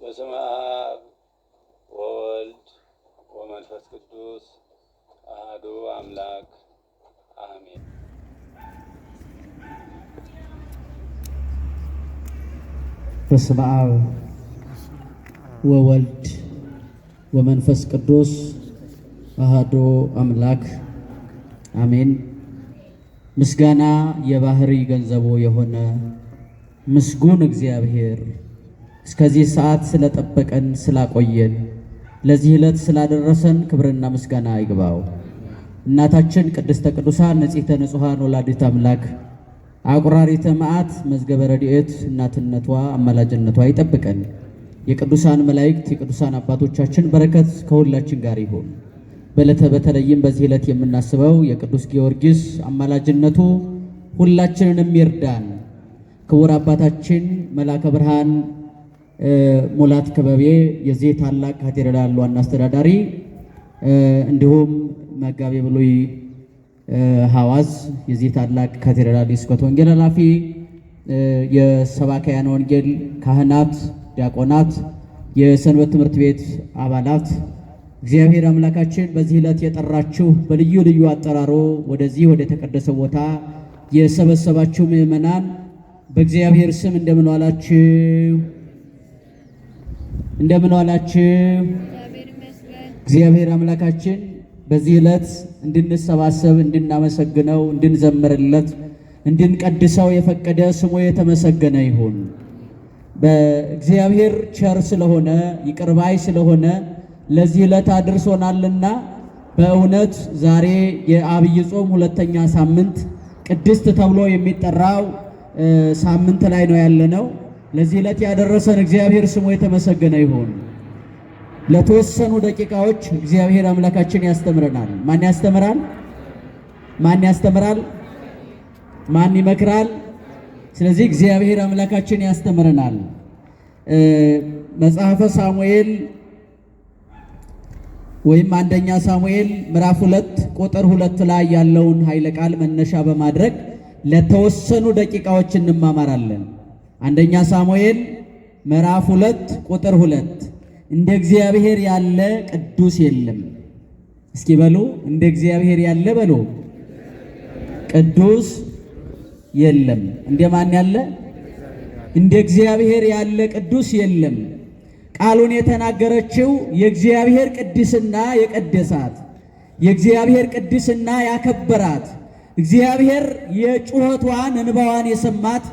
በስመ አብ ወወልድ ወመንፈስ ቅዱስ አሐዱ አምላክ አሜን። በስመ አብ ወወልድ ወመንፈስ ቅዱስ አህዶ አምላክ አሜን። ምስጋና የባህሪ ገንዘቡ የሆነ ምስጉን እግዚአብሔር እስከዚህ ሰዓት ስለጠበቀን ስላቆየን ለዚህ ዕለት ስላደረሰን ክብርና ምስጋና ይግባው። እናታችን ቅድስተ ቅዱሳን ንጽሕተ ንጹሐን ወላዲት አምላክ አቁራሪተ መዓት መዝገበ ረድኤት እናትነቷ አማላጅነቷ ይጠብቀን። የቅዱሳን መላእክት የቅዱሳን አባቶቻችን በረከት ከሁላችን ጋር ይሁን። በለተ በተለይም በዚህ ዕለት የምናስበው የቅዱስ ጊዮርጊስ አማላጅነቱ ሁላችንንም ይርዳን። ክቡር አባታችን መላከ ብርሃን ሙላት ክበቤ የዚህ ታላቅ ካቴድራል ዋና አስተዳዳሪ፣ እንዲሁም መጋቤ ብሉይ ሐዋዝ የዚህ ታላቅ ካቴድራል የስብከተ ወንጌል ኃላፊ፣ የሰባካያን ወንጌል ካህናት፣ ዲያቆናት፣ የሰንበት ትምህርት ቤት አባላት እግዚአብሔር አምላካችን በዚህ ዕለት የጠራችሁ በልዩ ልዩ አጠራሮ ወደዚህ ወደ ተቀደሰ ቦታ የሰበሰባችሁ ምእመናን በእግዚአብሔር ስም እንደምን ዋላችሁ? እንደምን ዋላችሁ። እግዚአብሔር አምላካችን በዚህ ዕለት እንድንሰባሰብ እንድናመሰግነው፣ እንድንዘምርለት፣ እንድንቀድሰው የፈቀደ ስሙ የተመሰገነ ይሁን። በእግዚአብሔር ቸር ስለሆነ ይቅርባይ ስለሆነ ለዚህ ዕለት አድርሶናልና በእውነት ዛሬ የአብይ ጾም ሁለተኛ ሳምንት ቅድስት ተብሎ የሚጠራው ሳምንት ላይ ነው ያለነው። ለዚህ ዕለት ያደረሰን እግዚአብሔር ስሙ የተመሰገነ ይሁን። ለተወሰኑ ደቂቃዎች እግዚአብሔር አምላካችን ያስተምረናል። ማን ያስተምራል? ማን ያስተምራል? ማን ይመክራል? ስለዚህ እግዚአብሔር አምላካችን ያስተምረናል። መጽሐፈ ሳሙኤል ወይም አንደኛ ሳሙኤል ምዕራፍ ሁለት ቁጥር ሁለት ላይ ያለውን ኃይለ ቃል መነሻ በማድረግ ለተወሰኑ ደቂቃዎች እንማማራለን። አንደኛ ሳሙኤል ምዕራፍ ሁለት ቁጥር ሁለት እንደ እግዚአብሔር ያለ ቅዱስ የለም። እስኪ በሉ እንደ እግዚአብሔር ያለ በሉ ቅዱስ የለም። እንደ ማን ያለ? እንደ እግዚአብሔር ያለ ቅዱስ የለም። ቃሉን የተናገረችው የእግዚአብሔር ቅድስና የቀደሳት የእግዚአብሔር ቅድስና ያከበራት እግዚአብሔር የጩኸቷን እንባዋን የሰማት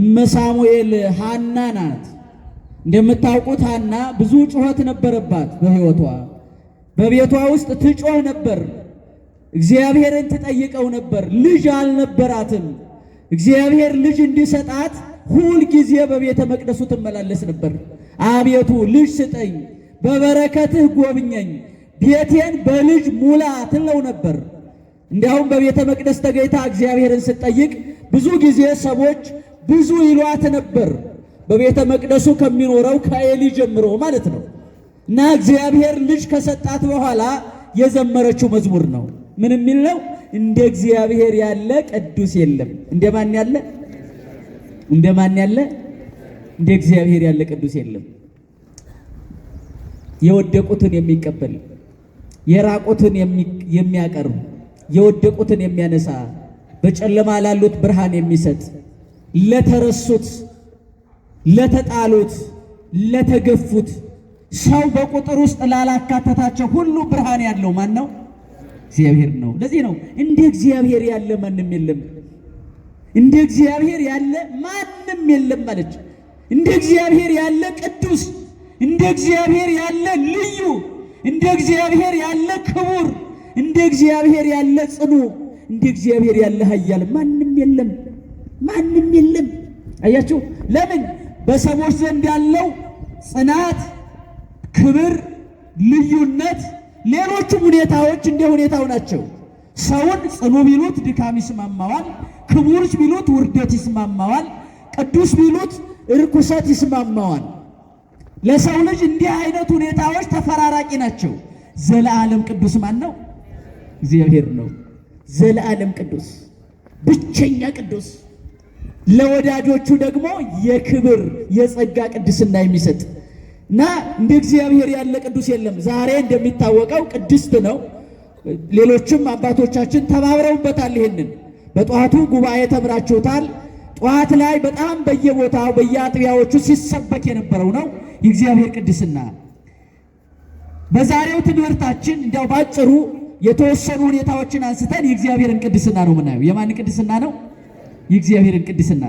እመሳሙኤል ሃና ናት። እንደምታውቁት ሃና ብዙ ጩኸት ነበረባት በሕይወቷ። በቤቷ ውስጥ ትጮህ ነበር። እግዚአብሔርን ትጠይቀው ነበር። ልጅ አልነበራትም። እግዚአብሔር ልጅ እንዲሰጣት ሁል ጊዜ በቤተ መቅደሱ ትመላለስ ነበር። አቤቱ ልጅ ስጠኝ፣ በበረከትህ ጎብኘኝ፣ ቤቴን በልጅ ሙላ ትለው ነበር። እንዲያውም በቤተ መቅደስ ተገኝታ እግዚአብሔርን ስትጠይቅ ብዙ ጊዜ ሰዎች ብዙ ይሏት ነበር። በቤተ መቅደሱ ከሚኖረው ከኤሊ ጀምሮ ማለት ነው። እና እግዚአብሔር ልጅ ከሰጣት በኋላ የዘመረችው መዝሙር ነው። ምን የሚል ነው? እንደ እግዚአብሔር ያለ ቅዱስ የለም። እንደማን ያለ እንደማን ያለ እንደ እግዚአብሔር ያለ ቅዱስ የለም። የወደቁትን የሚቀበል የራቁትን የሚያቀርብ የወደቁትን የሚያነሳ በጨለማ ላሉት ብርሃን የሚሰጥ ለተረሱት፣ ለተጣሉት፣ ለተገፉት ሰው በቁጥር ውስጥ ላላካተታቸው ሁሉ ብርሃን ያለው ማን ነው? እግዚአብሔር ነው። ለዚህ ነው እንደ እግዚአብሔር ያለ ማንም የለም፣ እንደ እግዚአብሔር ያለ ማንም የለም ማለት እንደ እግዚአብሔር ያለ ቅዱስ፣ እንደ እግዚአብሔር ያለ ልዩ፣ እንደ እግዚአብሔር ያለ ክቡር፣ እንደ እግዚአብሔር ያለ ጽኑ፣ እንደ እግዚአብሔር ያለ ኃያል ማንም የለም። ማንም የለም። አያችሁ፣ ለምን በሰዎች ዘንድ ያለው ጽናት፣ ክብር፣ ልዩነት፣ ሌሎችም ሁኔታዎች እንደ ሁኔታው ናቸው። ሰውን ጽኑ ቢሉት ድካም ይስማማዋል። ክቡር ቢሉት ውርደት ይስማማዋል። ቅዱስ ቢሉት እርኩሰት ይስማማዋል። ለሰው ልጅ እንዲህ አይነት ሁኔታዎች ተፈራራቂ ናቸው። ዘለዓለም ቅዱስ ማን ነው? እግዚአብሔር ነው። ዘለዓለም ቅዱስ ብቸኛ ቅዱስ ለወዳጆቹ ደግሞ የክብር የጸጋ ቅድስና የሚሰጥ እና እንደ እግዚአብሔር ያለ ቅዱስ የለም። ዛሬ እንደሚታወቀው ቅድስት ነው። ሌሎችም አባቶቻችን ተባብረውበታል። ይህንን በጠዋቱ ጉባኤ ተምራችሁታል። ጠዋት ላይ በጣም በየቦታው በየአጥቢያዎቹ ሲሰበክ የነበረው ነው የእግዚአብሔር ቅድስና። በዛሬው ትምህርታችን እንዲያው ባጭሩ የተወሰኑ ሁኔታዎችን አንስተን የእግዚአብሔርን ቅድስና ነው ምናየው። የማን ቅድስና ነው? የእግዚአብሔርን ቅድስና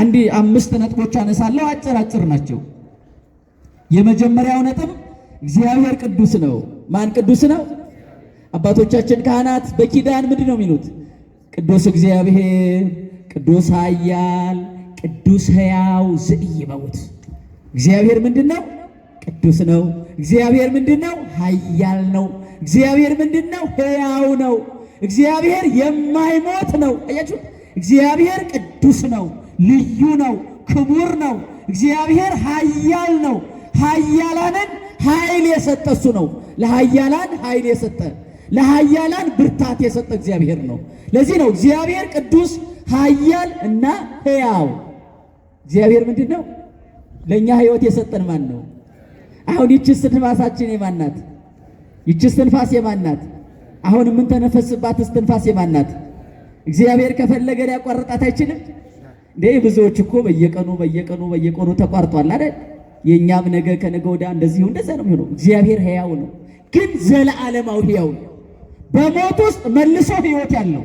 አንድ አምስት ነጥቦች አነሳለሁ። አጭር አጭር ናቸው። የመጀመሪያው ነጥብ እግዚአብሔር ቅዱስ ነው። ማን ቅዱስ ነው? አባቶቻችን ካህናት በኪዳን ምንድን ነው የሚሉት? ቅዱስ እግዚአብሔር፣ ቅዱስ ኃያል፣ ቅዱስ ሕያው ዘኢይመውት። እግዚአብሔር ምንድን ነው? ቅዱስ ነው። እግዚአብሔር ምንድን ነው? ኃያል ነው። እግዚአብሔር ምንድን ነው? ሕያው ነው። እግዚአብሔር የማይሞት ነው። አያችሁ እግዚአብሔር ቅዱስ ነው፣ ልዩ ነው፣ ክቡር ነው። እግዚአብሔር ኃያል ነው። ኃያላንን ኃይል የሰጠ እሱ ነው። ለኃያላን ኃይል የሰጠ ለኃያላን ብርታት የሰጠ እግዚአብሔር ነው። ለዚህ ነው እግዚአብሔር ቅዱስ፣ ኃያል እና ሕያው። እግዚአብሔር ምንድን ነው? ለእኛ ሕይወት የሰጠን ማን ነው? አሁን ይችስ እስትንፋሳችን የማናት? ይችስ እስትንፋስ የማናት? አሁን የምንተነፈስባት እስትንፋስ የማናት? እግዚአብሔር ከፈለገ ሊያቋርጣት አይችልም። እንዴ ብዙዎች እኮ በየቀኑ በየቀኑ በየቀኑ ተቋርጧል አይደል? የእኛም ነገ ከነገ ወዲያ እንደዚሁ እንደዛ ነው የሚሆነው። እግዚአብሔር ሕያው ነው፣ ግን ዘለዓለማዊ ሕያው ነው። በሞት ውስጥ መልሶ ሕይወት ያለው፣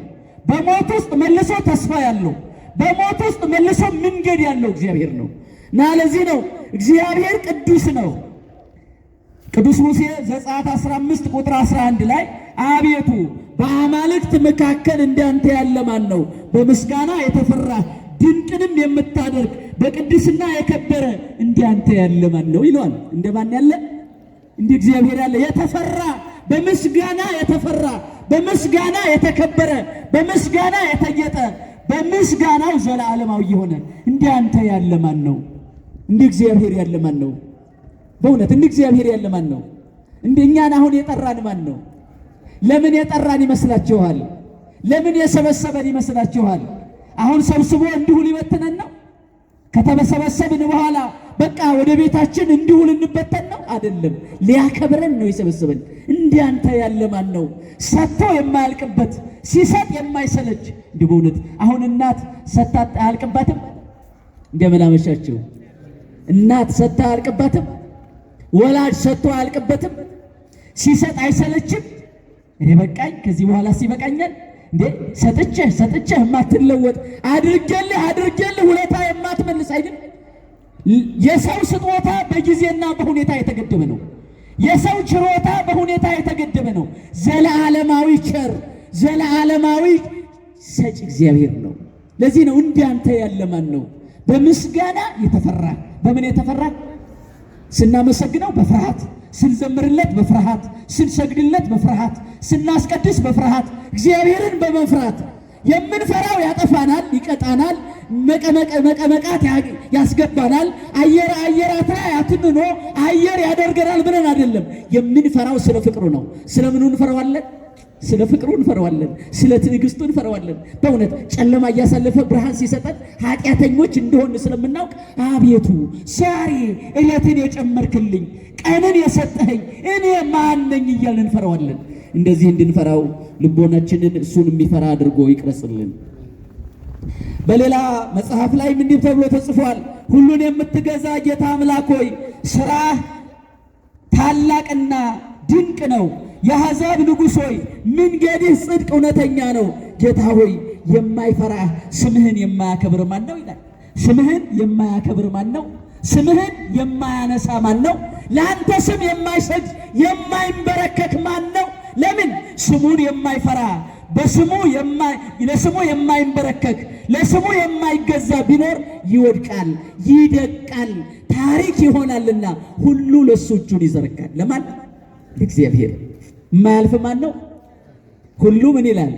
በሞት ውስጥ መልሶ ተስፋ ያለው፣ በሞት ውስጥ መልሶ መንገድ ያለው እግዚአብሔር ነው እና ለዚህ ነው እግዚአብሔር ቅዱስ ነው። ቅዱስ ሙሴ ዘጸአት 15 ቁጥር 11 ላይ አቤቱ በአማልክት መካከል እንዳንተ ያለ ማን ነው? በምስጋና የተፈራ ድንቅንም የምታደርግ በቅድስና የከበረ እንዳንተ ያለ ማን ነው ይለዋል። እንደ ማን ያለ እንደ እግዚአብሔር ያለ የተፈራ በምስጋና የተፈራ በምስጋና የተከበረ በምስጋና የተጌጠ በምስጋናው ዘላለማዊ የሆነ እንዳንተ ያለ ማን ነው? እንደ እግዚአብሔር ያለ ማን ነው? በእውነት እንደ እግዚአብሔር ያለ ማን ነው? እኛን አሁን የጠራን ማን ነው? ለምን የጠራን ይመስላችኋል? ለምን የሰበሰበን ይመስላችኋል? አሁን ሰብስቦ እንዲሁ ሊበትነን ነው? ከተሰበሰብን በኋላ በቃ ወደ ቤታችን እንዲሁ ልንበተን ነው? አይደለም፣ ሊያከብረን ነው የሰበሰበን። እንዲያንተ ያለ ማን ነው? ሰጥቶ የማያልቅበት ሲሰጥ የማይሰለች እንዲህ በእውነት አሁን እናት ሰጥታ አያልቅባትም። እንደምን አመሻችሁ። እናት ሰጥታ አያልቅባትም። ወላጅ ሰጥቶ አያልቅበትም። ሲሰጥ አይሰለችም። እኔ በቃኝ፣ ከዚህ በኋላ ሲበቃኛል እንዴ ሰጥቼህ ሰጥቼህ የማትለወጥ አድርጌልህ አድርጌልህ ውለታ የማትመልስ አይደል? የሰው ስጦታ በጊዜና በሁኔታ የተገደበ ነው። የሰው ችሮታ በሁኔታ የተገደበ ነው። ዘለዓለማዊ ቸር ዘለዓለማዊ ሰጪ እግዚአብሔር ነው። ለዚህ ነው እንዲያንተ ያለ ማን ነው? በምስጋና የተፈራ በምን የተፈራ ስናመሰግነው በፍርሃት ስንዘምርለት በፍርሃት ስንሰግድለት በፍርሃት ስናስቀድስ በፍርሃት እግዚአብሔርን በመፍራት የምንፈራው ያጠፋናል፣ ይቀጣናል፣ መቀመቃት ያስገባናል፣ አየር አየራታ ያትንኖ አየር ያደርገናል ብለን አይደለም የምንፈራው። ስለ ፍቅሩ ነው። ስለምኑ እንፈራዋለን? ስለ ፍቅሩ እንፈራዋለን፣ ስለ ትዕግስቱ እንፈራዋለን። በእውነት ጨለማ እያሳለፈ ብርሃን ሲሰጠን ኃጢአተኞች እንደሆን ስለምናውቅ አቤቱ ዛሬ እለትን የጨመርክልኝ፣ ቀንን የሰጠኸኝ እኔ ማነኝ እያልን እንፈራዋለን። እንደዚህ እንድንፈራው ልቦናችንን እሱን የሚፈራ አድርጎ ይቅረጽልን። በሌላ መጽሐፍ ላይ እንዲህ ተብሎ ተጽፏል። ሁሉን የምትገዛ ጌታ አምላክ ሆይ ስራህ ታላቅና ድንቅ ነው የአሕዛብ ንጉሥ ሆይ መንገድህ ጽድቅ እውነተኛ ነው። ጌታ ሆይ የማይፈራ ስምህን የማያከብር ማን ነው ይላል። ስምህን የማያከብር ማን ነው? ስምህን የማያነሳ ማን ነው? ለአንተ ስም የማይሰድ የማይንበረከክ ማን ነው? ለምን ስሙን የማይፈራ በስሙ ለስሙ የማይንበረከክ ለስሙ የማይገዛ ቢኖር ይወድቃል፣ ይደቃል፣ ታሪክ ይሆናልና ሁሉ ለሱ እጁን ይዘረጋል። ለማን? እግዚአብሔር የማያልፍ ማን ነው? ሁሉ ምን ይላል?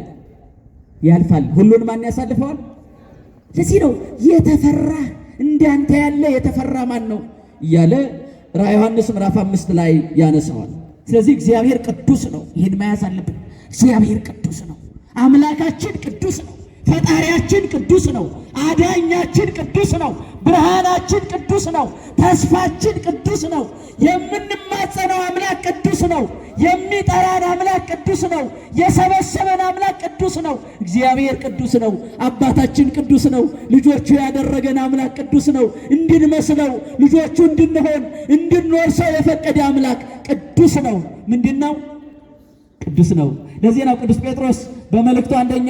ያልፋል። ሁሉን ማን ያሳልፈዋል? ለዚህ ነው የተፈራ እንዳንተ ያለ የተፈራ ማን ነው እያለ ራ ዮሐንስ ምዕራፍ አምስት ላይ ያነሳዋል። ስለዚህ እግዚአብሔር ቅዱስ ነው። ይህን መያዝ አለብን። እግዚአብሔር ቅዱስ ነው። አምላካችን ቅዱስ ነው። ፈጣሪያችን ቅዱስ ነው። አዳኛችን ቅዱስ ነው። ብርሃናችን ቅዱስ ነው። ተስፋችን ቅዱስ ነው። የምንማጸነው አምላክ ቅዱስ ነው። የሚጠራን አምላክ ቅዱስ ነው። የሰበሰበን አምላክ ቅዱስ ነው። እግዚአብሔር ቅዱስ ነው። አባታችን ቅዱስ ነው። ልጆቹ ያደረገን አምላክ ቅዱስ ነው። እንድንመስለው ልጆቹ እንድንሆን እንድንወርሰው የፈቀደ አምላክ ቅዱስ ነው። ምንድን ነው? ቅዱስ ነው። ለዚህ ነው ቅዱስ ጴጥሮስ በመልእክቱ አንደኛ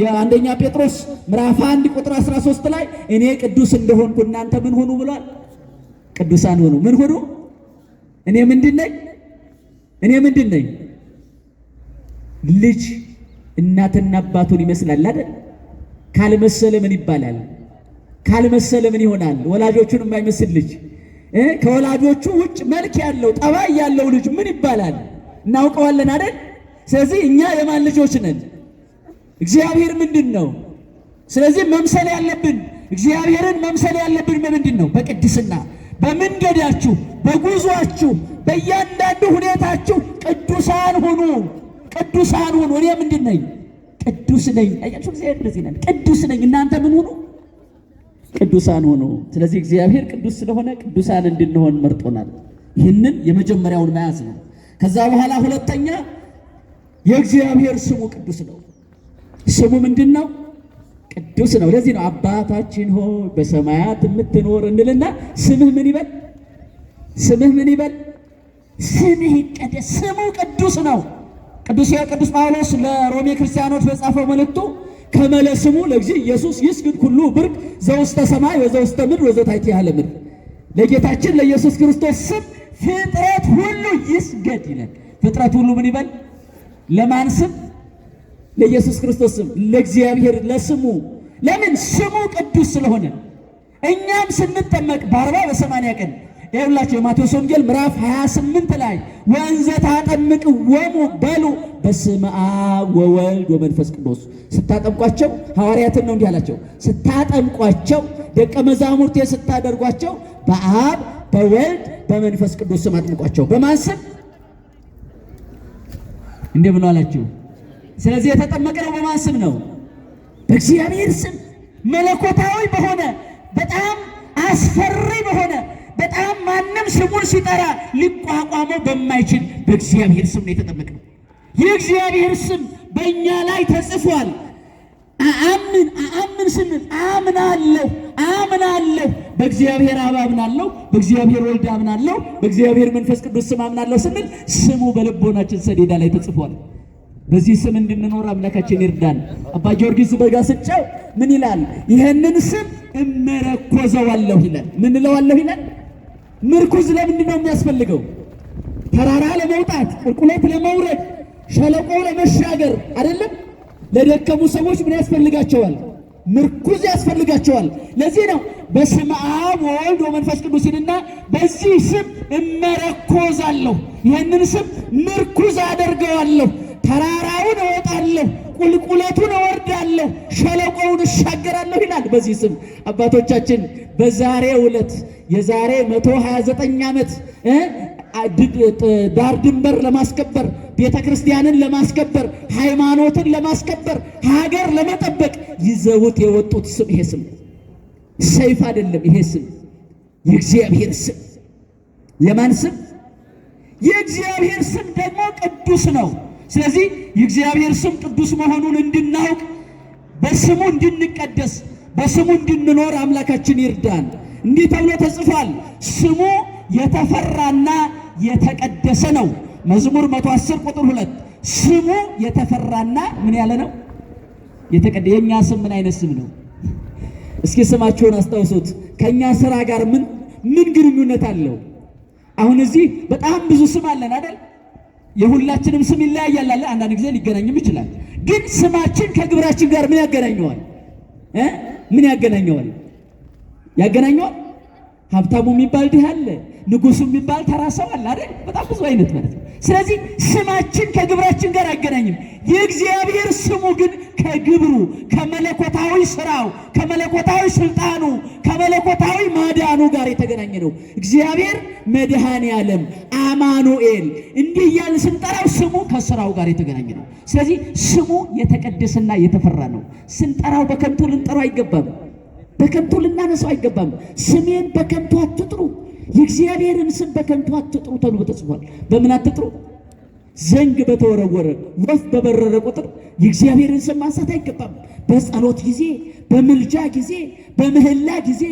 የአንደኛ ጴጥሮስ ምዕራፍ 1 ቁጥር 13 ላይ እኔ ቅዱስ እንደሆንኩ እናንተ ምን ሁኑ ብሏል? ቅዱሳን ሁኑ። ምን ሁኑ? እኔ ምንድን ነኝ? እኔ ምንድን ነኝ? ልጅ እናትና አባቱን ይመስላል አይደል? ካልመሰለ ምን ይባላል? ካልመሰለ ምን ይሆናል? ወላጆቹን የማይመስል ልጅ ከወላጆቹ ውጭ መልክ ያለው ጠባይ ያለው ልጅ ምን ይባላል? እናውቀዋለን አይደል? ስለዚህ እኛ የማን ልጆች ነን? እግዚአብሔር ምንድን ነው? ስለዚህ መምሰል ያለብን እግዚአብሔርን መምሰል ያለብን በምንድን ነው? በቅድስና በመንገዳችሁ፣ በጉዟችሁ፣ በእያንዳንዱ ሁኔታችሁ ቅዱሳን ሁኑ። ቅዱሳን ሁኑ። እኔ ምንድን ነኝ? ቅዱስ ነኝ። አያችሁ፣ እግዚአብሔር እንደዚህ ነን፣ ቅዱስ ነኝ። እናንተ ምን ሁኑ? ቅዱሳን ሁኑ። ስለዚህ እግዚአብሔር ቅዱስ ስለሆነ ቅዱሳን እንድንሆን መርጦናል። ይህንን የመጀመሪያውን መያዝ ነው። ከዛ በኋላ ሁለተኛ የእግዚአብሔር ስሙ ቅዱስ ነው። ስሙ ምንድን ነው? ቅዱስ ነው። ለዚህ ነው አባታችን ሆይ በሰማያት የምትኖር እንልና ስምህ ምን ይበል? ስምህ ምን ይበል? ስምህ ይቀደስ። ስሙ ቅዱስ ነው። ቅዱስ ቅዱስ ጳውሎስ ለሮሜ ክርስቲያኖች በጻፈው መልእክቱ ከመለ ስሙ ለእግዚእ ኢየሱስ ይስግድ ሁሉ ብርቅ ዘውስተ ሰማይ ወዘውስተ ምድር ወዘታሕተ ዓለ ምድር፣ ለጌታችን ለኢየሱስ ክርስቶስ ስም ፍጥረት ሁሉ ይስገድ ይላል። ፍጥረት ሁሉ ምን ይበል? ለማን ስም? ለኢየሱስ ክርስቶስ ስም፣ ለእግዚአብሔር ለስሙ። ለምን ስሙ ቅዱስ ስለሆነ። እኛም ስንጠመቅ በአርባ በሰማንያ ቀን ይኸውላችሁ የማቴዎስ ወንጌል ምዕራፍ 28 ላይ ወንዘ ታጠምቅ ወሙ በሉ በስመ አብ ወወልድ ወመንፈስ ቅዱስ። ስታጠምቋቸው ሐዋርያትን ነው እንዲህ አላቸው፣ ስታጠምቋቸው ደቀ መዛሙርቴ ስታደርጓቸው በአብ በወልድ በመንፈስ ቅዱስ ስም አጥምቋቸው። በማን ስም? እንዲህ ብሎ አላቸው። ስለዚህ የተጠመቅነው በማን ስም ነው? በእግዚአብሔር ስም መለኮታዊ በሆነ በጣም አስፈሪ በሆነ በጣም ማንም ስሙን ሲጠራ ሊቋቋመው በማይችል በእግዚአብሔር ስም ነው የተጠመቅነው። የእግዚአብሔር ስም በእኛ ላይ ተጽፏል። አአምን አአምን ስንል አምናለሁ አምናለሁ በእግዚአብሔር አብ አምናለሁ፣ በእግዚአብሔር ወልድ አምናለሁ፣ በእግዚአብሔር መንፈስ ቅዱስ ስም አምናለሁ ስንል ስሙ በልቦናችን ሰሌዳ ላይ ተጽፏል። በዚህ ስም እንድንኖር አምላካችን ይርዳን። አባ ጊዮርጊስ ዘጋስጫው ምን ይላል? ይህንን ስም እመረኮዘዋለሁ ይላል። ምን እለዋለሁ ይላል? ምርኩዝ ለምንድን ነው የሚያስፈልገው? ተራራ ለመውጣት፣ ቁልቁለት ለመውረድ፣ ሸለቆ ለመሻገር አይደለም። ለደከሙ ሰዎች ምን ያስፈልጋቸዋል? ምርኩዝ ያስፈልጋቸዋል። ለዚህ ነው በስመ አብ ወወልድ ወመንፈስ ቅዱስንና በዚህ ስም እመረኮዛለሁ፣ ይህንን ስም ምርኩዝ አደርገዋለሁ፣ ተራራውን እወጣለሁ፣ ቁልቁለቱን እወርዳለሁ፣ ሸለቆውን እሻገራለሁ ይላል። በዚህ ስም አባቶቻችን በዛሬ ዕለት የዛሬ 129 ዓመት ዳር ድንበር ለማስከበር ቤተ ክርስቲያንን ለማስከበር፣ ሃይማኖትን ለማስከበር፣ ሀገር ለመጠበቅ ይዘውት የወጡት ስም ይሄ ስም ሰይፍ አይደለም። ይሄ ስም የእግዚአብሔር ስም የማን ስም? የእግዚአብሔር ስም ደግሞ ቅዱስ ነው። ስለዚህ የእግዚአብሔር ስም ቅዱስ መሆኑን እንድናውቅ በስሙ እንድንቀደስ በስሙ እንድንኖር አምላካችን ይርዳን። እንዲህ ተብሎ ተጽፏል፣ ስሙ የተፈራና የተቀደሰ ነው። መዝሙር 110 ቁጥር 2 ስሙ የተፈራና ምን ያለ ነው? የተቀደ የኛ ስም ምን አይነት ስም ነው? እስኪ ስማቸውን አስታውሱት። ከኛ ስራ ጋር ምን ምን ግንኙነት አለው? አሁን እዚህ በጣም ብዙ ስም አለን አይደል? የሁላችንም ስም ይለያያል። አንዳንድ ጊዜ ሊገናኝም ይችላል። ግን ስማችን ከግብራችን ጋር ምን ያገናኘዋል? ምን ያገናኘዋል? ያገናኘዋል። ሀብታሙ የሚባል ድሃ አለ፣ ንጉሱ የሚባል ተራ ሰው አለ አይደል? በጣም ብዙ አይነት ማለት ነው። ስለዚህ ስማችን ከግብራችን ጋር አይገናኝም። የእግዚአብሔር ስሙ ግን ከግብሩ ከመለኮታዊ ስራው ከመለኮታዊ ስልጣኑ ከመለኮታዊ ማዳኑ ጋር የተገናኘ ነው። እግዚአብሔር መድኃኔ ዓለም አማኑኤል እንዲህ እያልን ስንጠራው ስሙ ከስራው ጋር የተገናኘ ነው። ስለዚህ ስሙ የተቀደሰና የተፈራ ነው። ስንጠራው በከንቱ ልንጠራው አይገባም። በከንቱ ልናነሳው አይገባም። ስሜን በከንቱ አትጥሩ የእግዚአብሔርን ስም በከንቱ አትጥሩ ተብሎ ተጽፏል። በምን አትጥሩ? ዘንግ በተወረወረ ወፍ በበረረ ቁጥር የእግዚአብሔርን ስም ማንሳት አይገባም። በጸሎት ጊዜ፣ በምልጃ ጊዜ፣ በምህላ ጊዜ፣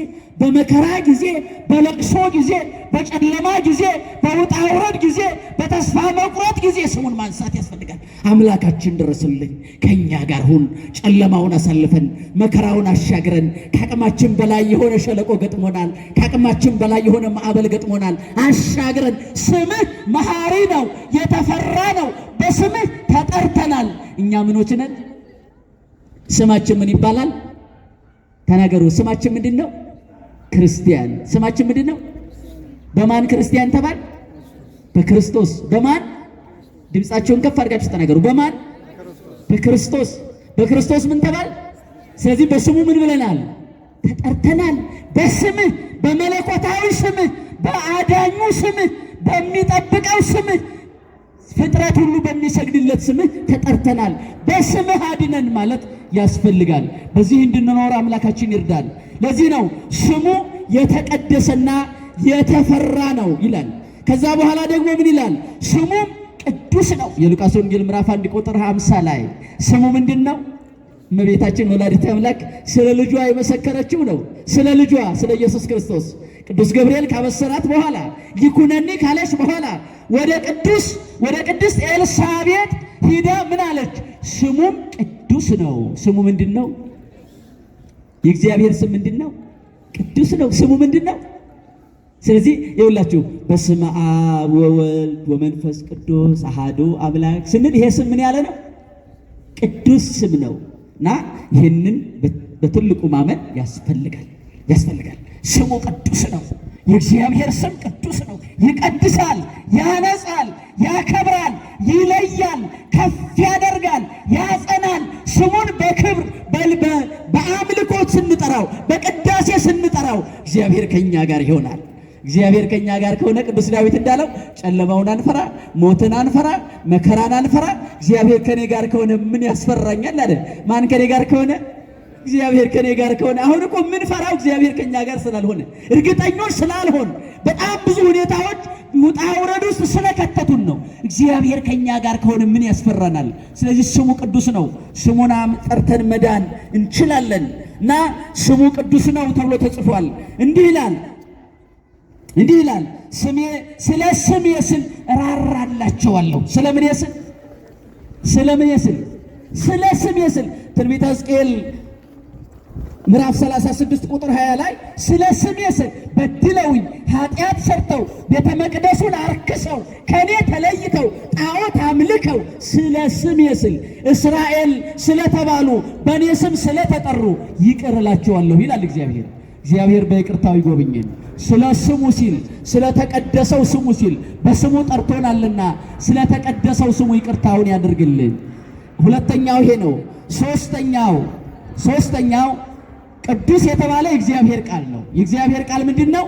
በመከራ ጊዜ፣ በለቅሶ ጊዜ፣ በጨለማ ጊዜ፣ በውጣ ውረድ ጊዜ፣ በተስፋ መቁረጥ ጊዜ ስሙን ማንሳት ያስፈልጋል። አምላካችን ድረስልን፣ ከእኛ ጋር ሁን፣ ጨለማውን አሳልፈን፣ መከራውን አሻግረን። ከአቅማችን በላይ የሆነ ሸለቆ ገጥሞናል። ከአቅማችን በላይ የሆነ ማዕበል ገጥሞናል። አሻግረን። ስምህ መሐሪ ነው፣ የተፈራ ነው። በስምህ ተጠርተናል። እኛ ምኖች ነን? ስማችን ምን ይባላል? ተናገሩ። ስማችን ምንድን ነው? ክርስቲያን። ስማችን ምንድን ነው? በማን ክርስቲያን ተባል? በክርስቶስ። በማን ድምፃቸውን ከፍ አድርጋችሁ ተናገሩ። በማን በክርስቶስ። በክርስቶስ ምን ተባል? ስለዚህ በስሙ ምን ብለናል? ተጠርተናል። በስምህ በመለኮታዊ ስምህ በአዳኙ ስምህ በሚጠብቀው ስምህ ፍጥረት ሁሉ በሚሰግድለት ስምህ ተጠርተናል። በስምህ አድነን ማለት ያስፈልጋል። በዚህ እንድንኖር አምላካችን ይርዳል። ለዚህ ነው ስሙ የተቀደሰና የተፈራ ነው ይላል። ከዛ በኋላ ደግሞ ምን ይላል? ስሙም ቅዱስ ነው። የሉቃስ ወንጌል ምዕራፍ 1 ቁጥር 50 ላይ ስሙ ምንድን ነው? እመቤታችን ወላዲተ አምላክ ስለ ልጇ የመሰከረችው ነው። ስለ ልጇ ስለ ኢየሱስ ክርስቶስ ቅዱስ ገብርኤል ካበሰራት በኋላ ይኩነኒ ካለች በኋላ ወደ ቅዱስ ወደ ቅድስት ኤልሳቤጥ ሂዳ ምን አለች? ስሙም ቅዱስ ነው። ስሙ ምንድን ነው? የእግዚአብሔር ስም ምንድን ነው? ቅዱስ ነው። ስሙ ምንድን ነው? ስለዚህ የሁላችሁ በስመ አብ ወወልድ ወመንፈስ ቅዱስ አሃዱ አምላክ ስንል ይሄ ስም ምን ያለ ነው? ቅዱስ ስም ነው እና ይህንን በትልቁ ማመን ያስፈልጋል ያስፈልጋል። ስሙ ቅዱስ ነው። የእግዚአብሔር ስም ቅዱስ ነው። ይቀድሳል፣ ያነጻል፣ ያከብራል፣ ይለያል፣ ከፍ ያደርጋል፣ ያጸናል። ስሙን በክብር በአምልኮት ስንጠራው፣ በቅዳሴ ስንጠራው እግዚአብሔር ከእኛ ጋር ይሆናል። እግዚአብሔር ከእኛ ጋር ከሆነ ቅዱስ ዳዊት እንዳለው ጨለማውን አንፈራ፣ ሞትን አንፈራ፣ መከራን አንፈራ። እግዚአብሔር ከኔ ጋር ከሆነ ምን ያስፈራኛል አለ። ማን ከእኔ ጋር ከሆነ እግዚአብሔር ከኔ ጋር ከሆነ አሁን እኮ ምን ፈራው? እግዚአብሔር ከኛ ጋር ስላልሆነ እርግጠኞች ስላልሆን በጣም ብዙ ሁኔታዎች ውጣ ውረድ ውስጥ ስለከተቱን ነው። እግዚአብሔር ከኛ ጋር ከሆነ ምን ያስፈራናል? ስለዚህ ስሙ ቅዱስ ነው። ስሙን ጠርተን መዳን እንችላለን እና ስሙ ቅዱስ ነው ተብሎ ተጽፏል። እንዲህ ይላል እንዲህ ይላል ስሜ ስለ ስሜ ስል ራራላቸዋለሁ። ስለምን ስል ስለምን ስል ስለ ስሜ ስል ትንቢተ ሕዝቅኤል ምዕራፍ 36 ቁጥር 20 ላይ ስለ ስሜ ስል በድለውኝ ኃጢአት ሰርተው ቤተ መቅደሱን አርክሰው ከኔ ተለይተው ጣዖት አምልከው ስለ ስሜ ስል እስራኤል ስለተባሉ በእኔ ስም ስለተጠሩ ይቅር እላቸዋለሁ ይላል እግዚአብሔር። እግዚአብሔር በይቅርታው ይጎብኝን። ስለ ስሙ ሲል ስለ ተቀደሰው ስሙ ሲል በስሙ ጠርቶናልና ስለ ተቀደሰው ስሙ ይቅርታውን ያደርግልን። ሁለተኛው ይሄ ነው። ሶስተኛው ሶስተኛው ቅዱስ የተባለ የእግዚአብሔር ቃል ነው። የእግዚአብሔር ቃል ምንድን ነው?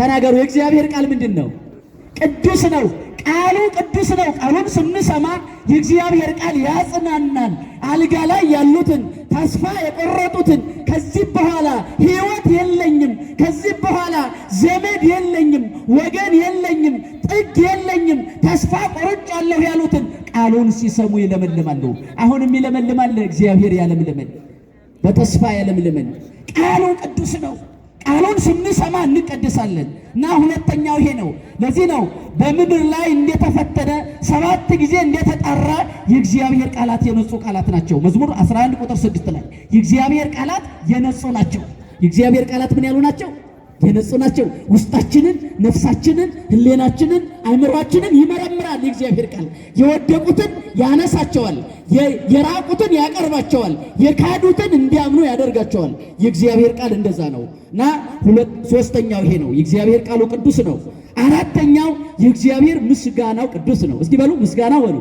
ተናገሩ። የእግዚአብሔር ቃል ምንድን ነው? ቅዱስ ነው። ቃሉ ቅዱስ ነው። ቃሉን ስንሰማ የእግዚአብሔር ቃል ያጽናናል። አልጋ ላይ ያሉትን ተስፋ የቆረጡትን ከዚህ በኋላ ሕይወት የለኝም፣ ከዚህ በኋላ ዘመድ የለኝም፣ ወገን የለኝም፣ ጥግ የለኝም፣ ተስፋ ቆርጫለሁ ያሉትን ቃሉን ሲሰሙ ይለመልማሉ። አሁንም ይለመልማል። እግዚአብሔር ያለምልመን በተስፋ ያለምልመን። ቃሉ ቅዱስ ነው። ቃሉን ስንሰማ እንቀድሳለን እና ሁለተኛው ይሄ ነው። ለዚህ ነው በምድር ላይ እንደተፈተነ ሰባት ጊዜ እንደተጣራ የእግዚአብሔር ቃላት የነጹ ቃላት ናቸው። መዝሙር 11 ቁጥር 6 ላይ የእግዚአብሔር ቃላት የነጹ ናቸው። የእግዚአብሔር ቃላት ምን ያሉ ናቸው? የነጹ ናቸው። ውስጣችንን፣ ነፍሳችንን፣ ህሌናችንን፣ አይምሯችንን ይመረምራል የእግዚአብሔር ቃል። የወደቁትን ያነሳቸዋል፣ የራቁትን ያቀርባቸዋል፣ የካዱትን እንዲያምኑ ያደርጋቸዋል። የእግዚአብሔር ቃል እንደዛ ነው እና ሁለት ሶስተኛው ይሄ ነው። የእግዚአብሔር ቃሉ ቅዱስ ነው። አራተኛው የእግዚአብሔር ምስጋናው ቅዱስ ነው። እስቲ በሉ ምስጋና በሉ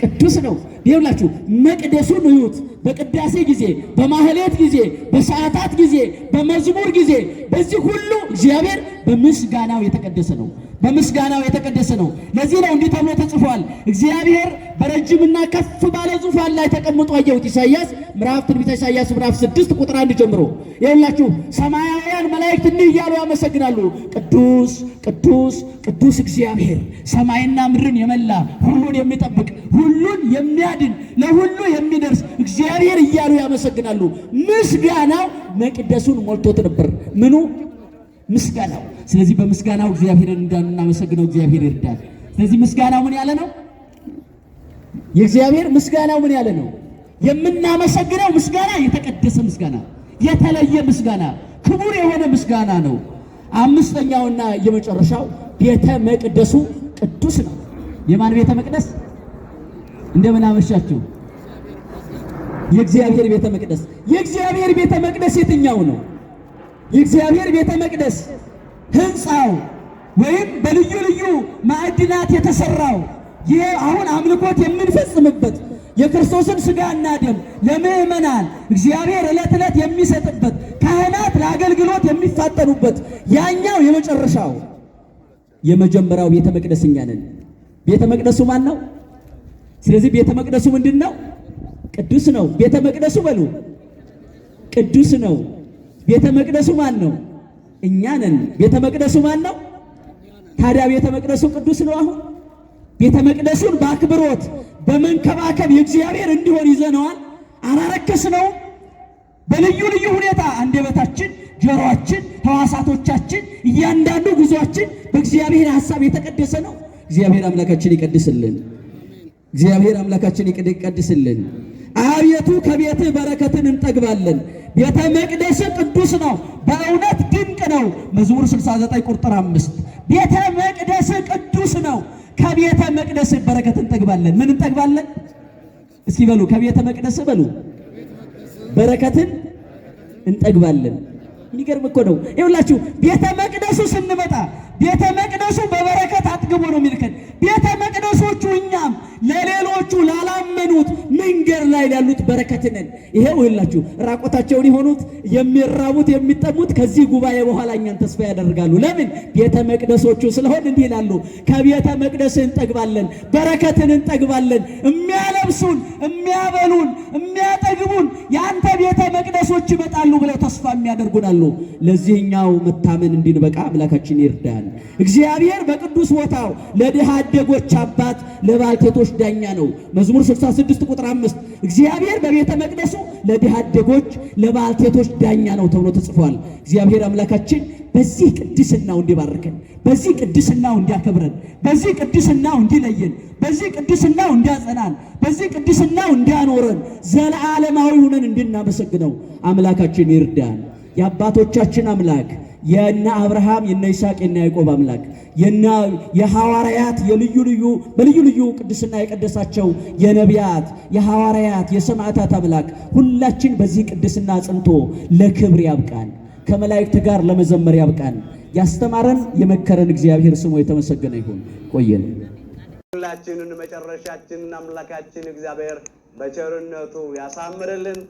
ቅዱስ ነው። ይኸውላችሁ መቅደሱን እዩት። በቅዳሴ ጊዜ፣ በማህሌት ጊዜ፣ በሰዓታት ጊዜ፣ በመዝሙር ጊዜ፣ በዚህ ሁሉ እግዚአብሔር በምስጋናው የተቀደሰ ነው። በምስጋናው የተቀደሰ ነው። ለዚህ ነው እንዲህ ተብሎ ተጽፏል፣ እግዚአብሔር በረጅምና ከፍ ባለ ዙፋን ላይ ተቀምጦ አየሁት። ኢሳይያስ ምዕራፍ ትንቢተ ኢሳይያስ ምዕራፍ ስድስት ቁጥር አንድ ጀምሮ ይኸውላችሁ፣ ሰማያውያን መላእክት እንዲህ እያሉ ያመሰግናሉ፣ ቅዱስ ቅዱስ ቅዱስ እግዚአብሔር ሰማይና ምድርን የመላ ሁሉን የሚጠብቅ ሁሉን የሚያድን ለሁሉ የሚደርስ እግዚአብሔር እያሉ ያመሰግናሉ። ምስጋናው መቅደሱን ሞልቶት ነበር። ምኑ ምስጋናው ስለዚህ በምስጋናው እግዚአብሔርን እንዳናመሰግነው እግዚአብሔር ይርዳል። ስለዚህ ምስጋናው ምን ያለ ነው? የእግዚአብሔር ምስጋናው ምን ያለ ነው? የምናመሰግነው ምስጋና የተቀደሰ ምስጋና፣ የተለየ ምስጋና፣ ክቡር የሆነ ምስጋና ነው። አምስተኛውና የመጨረሻው ቤተ መቅደሱ ቅዱስ ነው። የማን ቤተ መቅደስ? እንደምን አመሻችሁ። የእግዚአብሔር ቤተ መቅደስ የእግዚአብሔር ቤተ መቅደስ የትኛው ነው? የእግዚአብሔር ቤተ መቅደስ ህንፃው ወይም በልዩ ልዩ ማዕድናት የተሰራው ይህ አሁን አምልኮት የምንፈጽምበት የክርስቶስን ሥጋና ደም ለምእመናን እግዚአብሔር ዕለት ዕለት የሚሰጥበት ካህናት ለአገልግሎት የሚፋጠኑበት ያኛው የመጨረሻው የመጀመሪያው ቤተ መቅደስ እኛ ነን። ቤተ መቅደሱ ማን ነው? ስለዚህ ቤተ መቅደሱ ምንድን ነው? ቅዱስ ነው። ቤተ መቅደሱ በሉ ቅዱስ ነው። ቤተ መቅደሱ ማን ነው? እኛ ነን። ቤተ መቅደሱ ማን ነው ታዲያ? ቤተ መቅደሱ ቅዱስ ነው። አሁን ቤተ መቅደሱን በአክብሮት በመንከባከብ የእግዚአብሔር እንዲሆን ይዘነዋል። አላረከስ ነው። በልዩ ልዩ ሁኔታ አንደበታችን፣ ጆሮአችን፣ ሕዋሳቶቻችን፣ እያንዳንዱ ጉዞአችን በእግዚአብሔር ሐሳብ የተቀደሰ ነው። እግዚአብሔር አምላካችን ይቀድስልን። እግዚአብሔር አምላካችን ይቀድስልን። አቤቱ ከቤትህ በረከትን እንጠግባለን። ቤተ መቅደስ ቅዱስ ነው በእውነት ግን ነው። መዝሙር 69 ቁጥር 5 ቤተ መቅደስ ቅዱስ ነው። ከቤተ መቅደስ በረከት እንጠግባለን። ምን እንጠግባለን? እስኪ በሉ ከቤተ መቅደስ በሉ በረከትን እንጠግባለን። የሚገርም እኮ ነው። ይኸውላችሁ ቤተ መቅደሱ ስንመጣ ቤተ መቅደሱ በበረከት አጥግቦ ነው የሚልከን ቤተ መቅደሶቹ እኛም ለሌሎቹ ላላመኑት መንገድ ላይ ያሉት በረከት ነን። ይሄው ይላችሁ ራቆታቸውን የሆኑት የሚራቡት የሚጠሙት ከዚህ ጉባኤ በኋላ እኛን ተስፋ ያደርጋሉ። ለምን ቤተ መቅደሶቹ ስለሆን እንዲህ ይላሉ። ከቤተ መቅደስ እንጠግባለን፣ በረከትን እንጠግባለን። የሚያለብሱን፣ የሚያበሉን፣ የሚያጠግቡን የአንተ ቤተ መቅደሶች ይመጣሉ ብለው ተስፋ የሚያደርጉናሉ። ለዚህኛው መታመን እንድንበቃ አምላካችን ይርዳል። እግዚአብሔር በቅዱስ ቦታው ለድሃ አደጎች አባት ለባልቴቶች ዳኛ ነው። መዝሙር 66 ቁጥር 5 እግዚአብሔር በቤተ መቅደሱ ለድሃ አደጎች ለባልቴቶች ዳኛ ነው ተብሎ ተጽፏል። እግዚአብሔር አምላካችን በዚህ ቅድስናው እንዲባርከን፣ በዚህ ቅድስናው እንዲያከብረን፣ በዚህ ቅድስናው እንዲለየን፣ በዚህ ቅድስናው እንዲያጸናን፣ በዚህ ቅድስናው እንዲያኖረን፣ ዘለዓለማዊ ሆነን እንድናመሰግነው አምላካችን ይርዳን። የአባቶቻችን አምላክ የነ አብርሃም የነ ይስሐቅ የነ ያዕቆብ አምላክ የነ የሐዋርያት የልዩ ልዩ በልዩ ልዩ ቅድስና የቀደሳቸው የነቢያት የሐዋርያት የሰማዕታት አምላክ ሁላችን በዚህ ቅድስና ጽንቶ ለክብር ያብቃን፣ ከመላእክት ጋር ለመዘመር ያብቃን። ያስተማረን የመከረን እግዚአብሔር ስሙ የተመሰገነ ይሁን። ቆየን ሁላችንን መጨረሻችንን አምላካችን እግዚአብሔር በቸርነቱ ያሳምርልን።